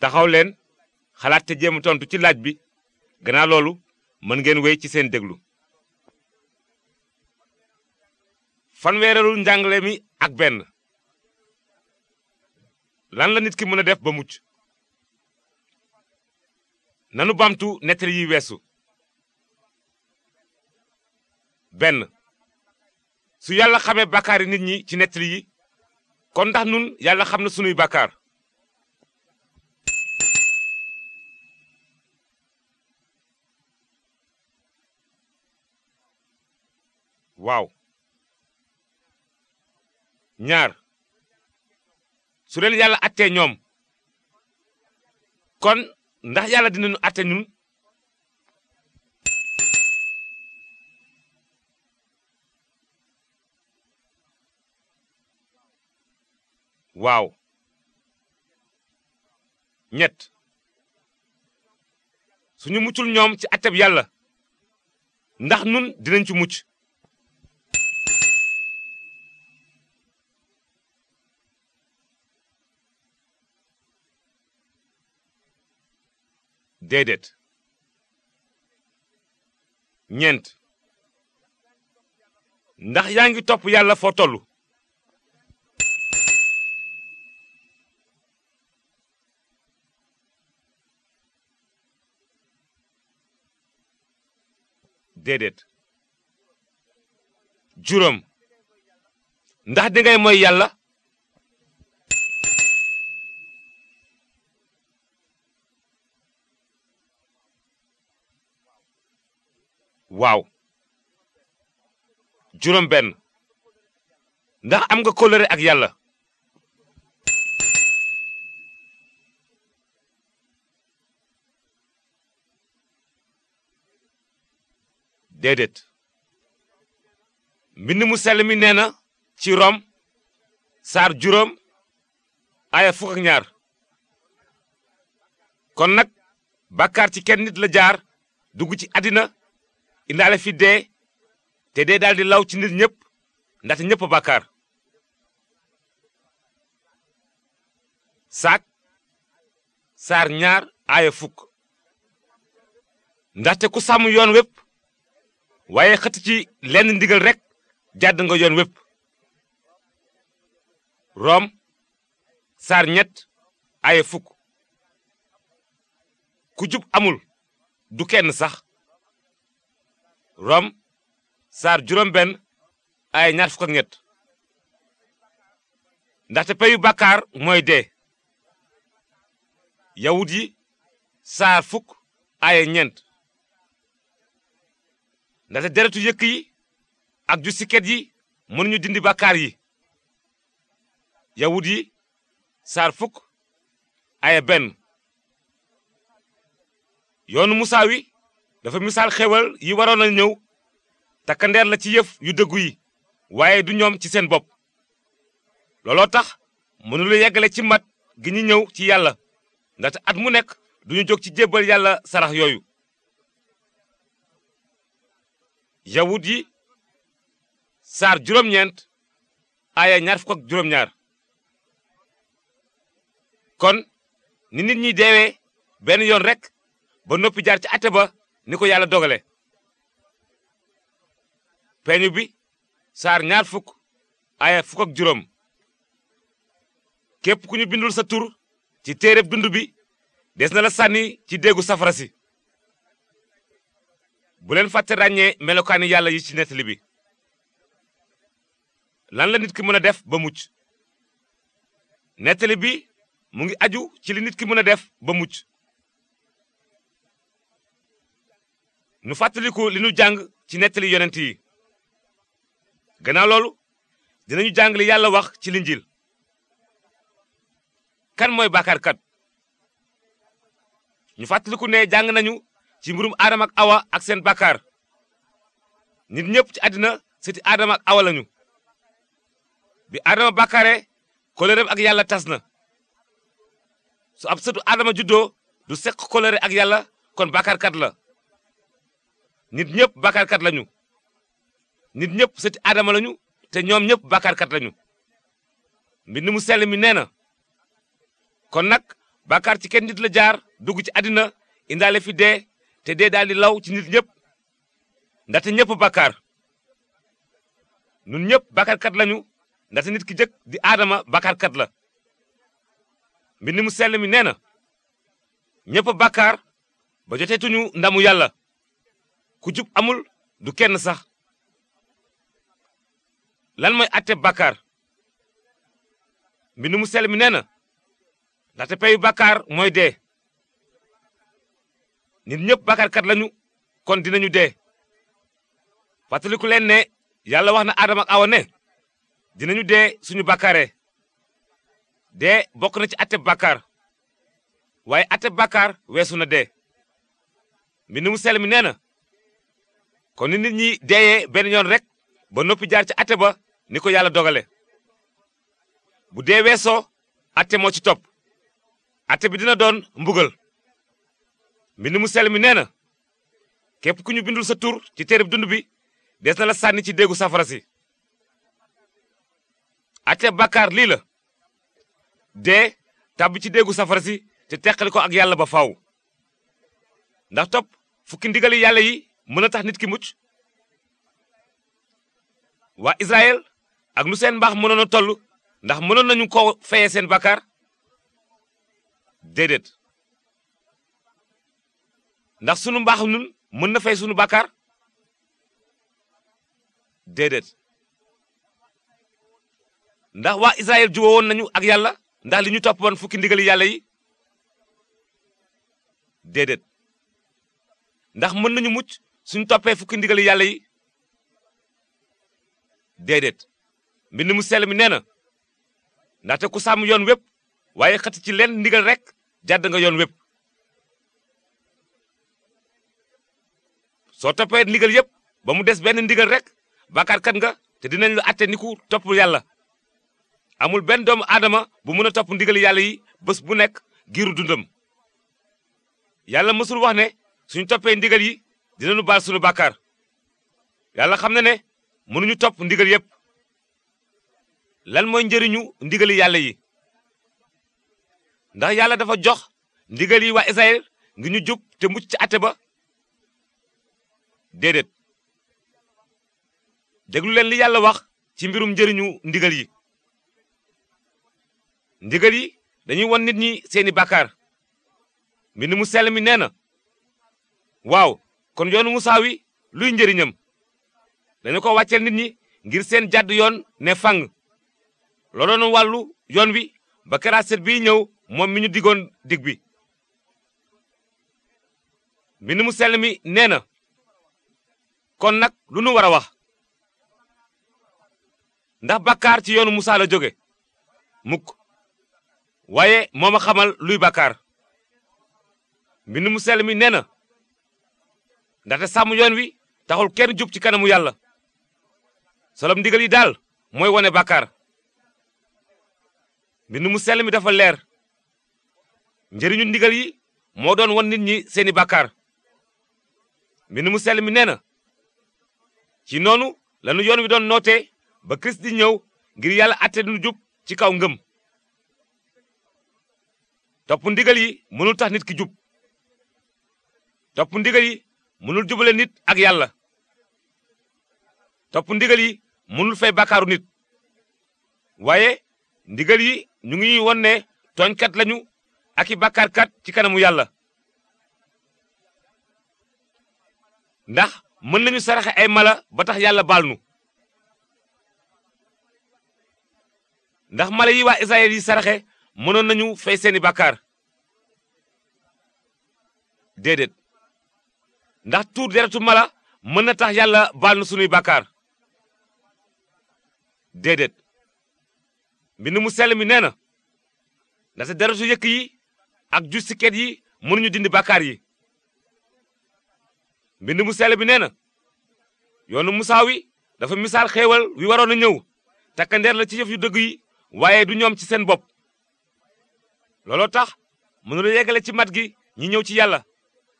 taxaw leen xalaat te jéem tontu ci laaj bi gannaaw loolu mën ngeen wéy ci seen déglu. fanweereelu njàngale mi ak benn. lan la nit ki mën a def ba mucc. nanu bamtu nettali yi weesu. benn su yàlla xamee bàkkaari nit ñi ci nettali yi kon ndax nun yàlla xam na sunuy bàkkaar. waaw ñaar su leen yàlla attee ñoom kon ndax yàlla dinañu atte ñun waaw ñett suñu muccul ñoom ci atteb yàlla ndax nun dinañ ci mucc déedéet ñeent ndax yaa ngi topp yàlla foo tollu juróom ndax dingay mooy yàlla waaw juróom ndax am nga kóllëre ak yàlla déedéet mbind mu sell mi nee na ci rom saar juróom aaya fukk ak ñaar kon nag bàkkaar ci kenn nit la jaar dugg ci àddina indaale fi dee te dee daldi law ci nit ñépp ndaxte ñépp a bàkkaar saak saar ñaar aaya fukk ndaxte ku sàmm yoon wépp waaye xëtt ci lenn ndigal rekk jàdd nga yoon wépp rom saar ñett aaya fukk ku jub amul du kenn sax rom saar juróom benn ay ñaar fukk ak ñett ndaxte peyu bàkkaar mooy de yawut yi saar fukk ay ñeent ndaxte deretu yëkk yi ak ju siket yi mënuñu dindi bakkaar yi yawut yi saar fukk ay benn yoonu musaa dafa misaal xéwal yi waroon a ñëw takkandeer la ci yëf yu dëggu yi waaye du ñoom ci seen bopp looloo tax mënul yeggale ci mat gi ñu ñëw ci yàlla ndaxte at mu nekk duñu jóg ci jébbal yàlla sarax yooyu yawut yi saar juróom-ñeent aaya ñaar fukk juróom-ñaar kon ni nit ñi deewee benn yoon rek ba noppi jaar ci àtte ba ni ko yàlla dogale peñu bi saar ñaar fukk aya fukk ak juróom képp ku ñu bindul sa tur ci téereb dund bi des nala la sànni ci déggu safara si bu leen fàtte ràññee melokaani yàlla yi ci nettali bi lan la nit ki mën a def ba mucc nettali bi mu ngi aju ci li nit ki mën a def ba mucc nu fàttaliku li nu jàng ci nettali yonent yi gannaaw loolu dinañu jàng li yàlla wax ci linjil kan mooy bàkkaarkat ñu fàttaliku ne jàng nañu ci mbirum aadama ak awa ak seen bàkkaar nit ñëpp ci àddina seti aadama ak awa lañu bi aadama bàkkaaree kóllëreem ak yàlla tas na su ab sëtu aadama juddoo du seq kóllëre ak yàlla kon bàkkaarkat la nit ñëpp bakkaarkat lañu nit ñëpp sëti aadama lañu te ñoom ñëpp bakkaarkat lañu mbind mu sell mi nee na kon nag bakkaar ci kenn nit la jaar dugg ci àddina indaale fi dee te dee daal di law ci nit ñëpp ndaxte ñëpp bakkaar nun ñëpp bakkaarkat lañu ndaxte nit ki jëkk di aadama bakkaarkat la mbind mu sell mi nee na ñëpp bakkaar ba joteetuñu ndamu yàlla ku jub amul du kenn sax lan mooy atte bàkkaar mbind mu sell mi nee na ndaxte peyu mooy dee nit ñëpp bàkkaarkat lañu kon dinañu dee fàttaliku leen ne yàlla wax na aadama ak awa ne dinañu dee suñu bàkkaaree dee bokk na ci atte bàkkaar waaye atte bàkkaar weesu na dee mbind mu sell mi nee na kon ni nit ñi deeyee benn yoon rek ba noppi jaar ci atte ba ni ko yàlla dogale bu dee weesoo atte moo ci topp atte bi dina doon mbugal mbind mu sell mi nee na képp ku ñu bindul sa tur ci téereb dund bi des na la sànni ci déggu safara si atte bàkkaar lii la dee tàbb ci déggu safara si te teqali ko ak yàlla ba faaw ndax topp fukki ndigali mën a tax nit ki mucc waa Israël ak nu seen mbaax mënoon a toll ndax mënoon nañu ko feye seen bakkaar déedéet ndax sunu mbaax nun mën na fay sunu bakkaar déedéet ndax waa Israël juwoo woon nañu ak yàlla ndax li ñu toppoon fukki ndigali yàlla yi déedéet ndax mën nañu mucc suñ toppee fukki ndigal yàlla yi déedéet mbind mu sell mi nee na ndaxte ku sàmm yoon wépp waaye xëtt ci leen ndigal rek jàdd nga yoon wépp soo toppee ndigal yépp ba mu des benn ndigal rek bàkkaarkat nga te dinañ la àtte ni ku topp yàlla amul benn doomu aadama bu mën a topp ndigal yàlla yi bés bu nekk giiru dundam yàlla mësul wax ne suñu toppee ndigal yi dinañu baal sunu bàkkaar yàlla xam na ne mënuñu topp ndigal yépp lan mooy njëriñu ndigali yàlla yi ndax yàlla dafa jox ndigal yi waa Israël ngir ñu jub te mucc ci àtte ba déedéet déglu leen li yàlla wax ci mbirum njëriñu ndigal yi ndigal yi dañuy won nit ñi seeni bàkkaar mbind mu sell mi nee na waaw kon yoonu Musaa wi luy njëriñam dañu ko wàcceel nit ñi ngir seen jàdd yoon ne fang looloonu wàllu yoon wi ba karaaset biy ñëw moom mi ñu digoon dig bi mbind mu sell mi nee na kon nag lu nu war a wax ndax bàkkaar ci yoonu Musaa la jóge mukk waaye moo ma luy bàkkaar mbind mu sell mi nee na ndaxte sàmm yoon wi taxul kenn jub ci kanamu yàlla solom ndigal yi daal mooy wone bàkkaar mbind mu sell mi dafa leer njëriñu ndigal yi moo doon won nit ñi seeni bàkkaar mbind mu sell mi nee na ci noonu lanu yoon wi doon nootee ba kirist di ñëw ngir yàlla àtte nu jub ci kaw ngëm topp ndigal yi mënul tax nit ki jub topp ndigal yi mënul jubale nit ak yàlla topp ndigal yi mënul fay bàkkaaru nit waaye ndigal yi ñu ngi won ne tooñkat lañu ak i bàkkaarkat ci kanamu yàlla ndax mën nañu saraxe ay mala batax yàlla baal nu ndax mala yi waa Israël yi saraxe mënoon nañu fay seeni bàkkaar déedéet ndax tuur deretu mala mën na tax yàlla baal na sunuy bàkkaar déedéet mbind mu sell mi nee na ndaxte deretu yëkk yi ak ju siket yi mënuñu dindi bàkkaar yi mbind mu sell bi nee na yoonu musaa wi dafa misaal xéewal wi waroon a ñëw takkandeer la ci yëf yu dëgg yi waaye du ñoom ci seen bopp looloo tax mënula yeggale ci mat gi ñi ñëw ci yàlla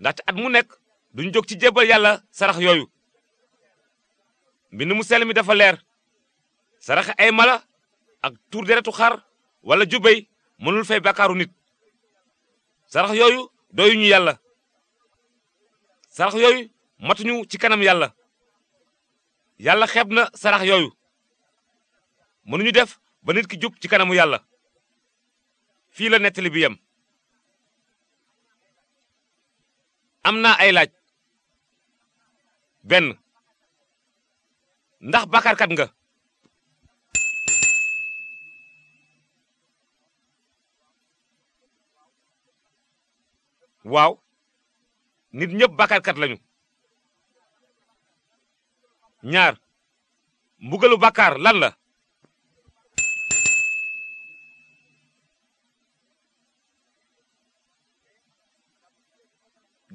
ndaxte at mu nekk duñ jóg ci jébbal yàlla sarax yooyu mbind mu sell mi dafa leer sarax ay mala ak tuur deretu xar wala jubéy mënul fay bàkkaaru nit sarax yooyu doyuñu yàlla sarax yooyu matuñu ci kanam yàlla yàlla xeb na sarax yooyu mënuñu def ba nit ki jub ci kanamu yàlla fii la nettali bi yem am na ay laaj benn ndax bàkkaarkat nga waaw nit ñëpp bàkkaarkat lañu ñaar mbugalu bàkkaar lan la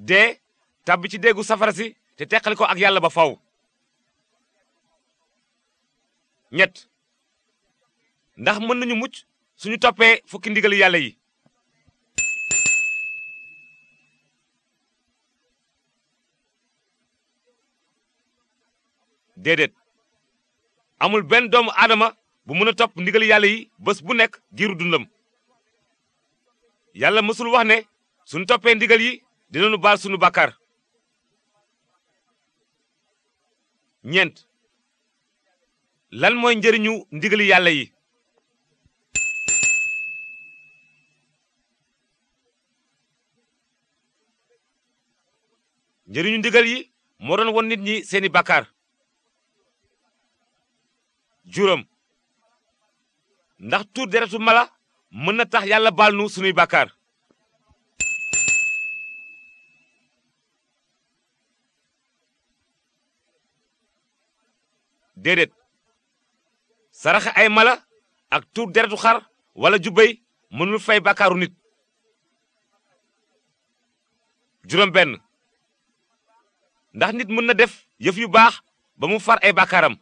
dee tàbbi ci déggu safara si te teqali ko ak yàlla ba faw ñett ndax mën nañu mucc suñu toppee fukki ndigali yàlla yi déedéet amul benn doomu aadama bu mën a topp ndigali yàlla yi bés bu nekk giiru dundam yàlla mësul wax ne suñu toppee ndigal yi dinañu baal suñu bàkkaar ñeent lan mooy njëriñu ndigali yàlla yi njëriñu ndigal yi moo doon won nit ñi seeni bàkkaar juróom ndax tuur deretu mala mën na tax yàlla baal nu sunuy bàkkaar déedéet saraxe ay mala ak tuur deretu xar wala jubbéy mënul fay bàkkaaru nit juróom benn ndax nit mën na def yëf yu baax ba mu far ay bàkkaaram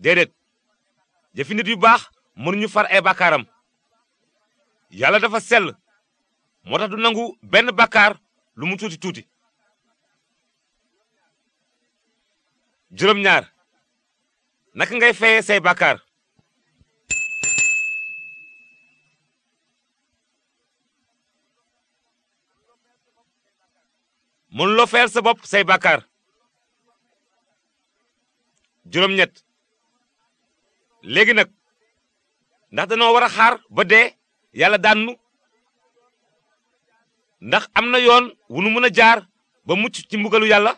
déedéet jëfi yu baax mënuñu far ay bàkkaaram yàlla dafa sell moo tax du nangu benn bàkkaar lu mu tuuti tuuti juróom ñaar naka ngay feye say bàkkaar mënuloo fayal sa bopp say bàkkaar juróom-ñett léegi nag ndax danoo war xaar ba dee yàlla daanu ndax am na yoon wu nu mën a jaar ba mucc ci mbugalu yàlla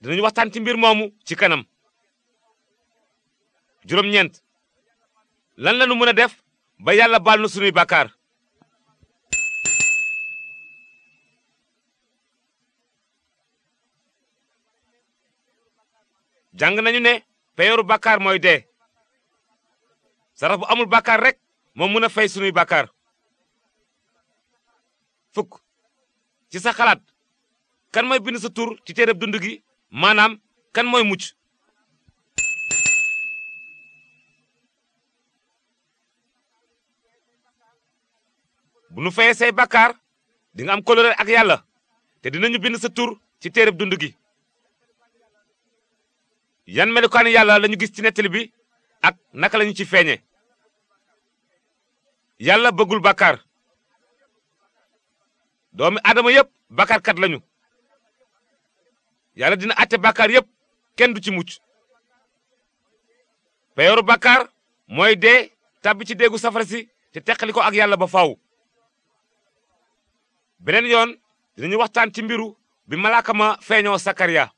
dinañu waxtaan ci mbir moomu ci kanam juróom-ñeent lan la nu mën a def ba yàlla baal nu sunuy bàkkaar nañu ne peyoru bàkkaar mooy de sarax bu amul bàkkaar rek moo mën a fay sunuy bàkkaar fukk ci sa xalaat kan mooy bind sa tur ci téereb dund gi maanaam kan mooy mucc bu nu fayee say bàkkaar dinga am kóllëre ak yàlla te dinañu bind sa tur ci téereb dund gi yan melukaani yàlla lañu gis ci nettali bi ak naka lañu ci feeñe yàlla bëggul bàkkaar doomi adama yépp bàkkaarkat lañu yàlla dina àtte bakar yépp kenn du ci mucc peyooru bàkkaar mooy dee tàbbi ci déggu safara si te teqali ko ak yàlla ba faaw beneen yoon dinañu waxtaan ci mbiru bi malaaka ma feeñoo sakariya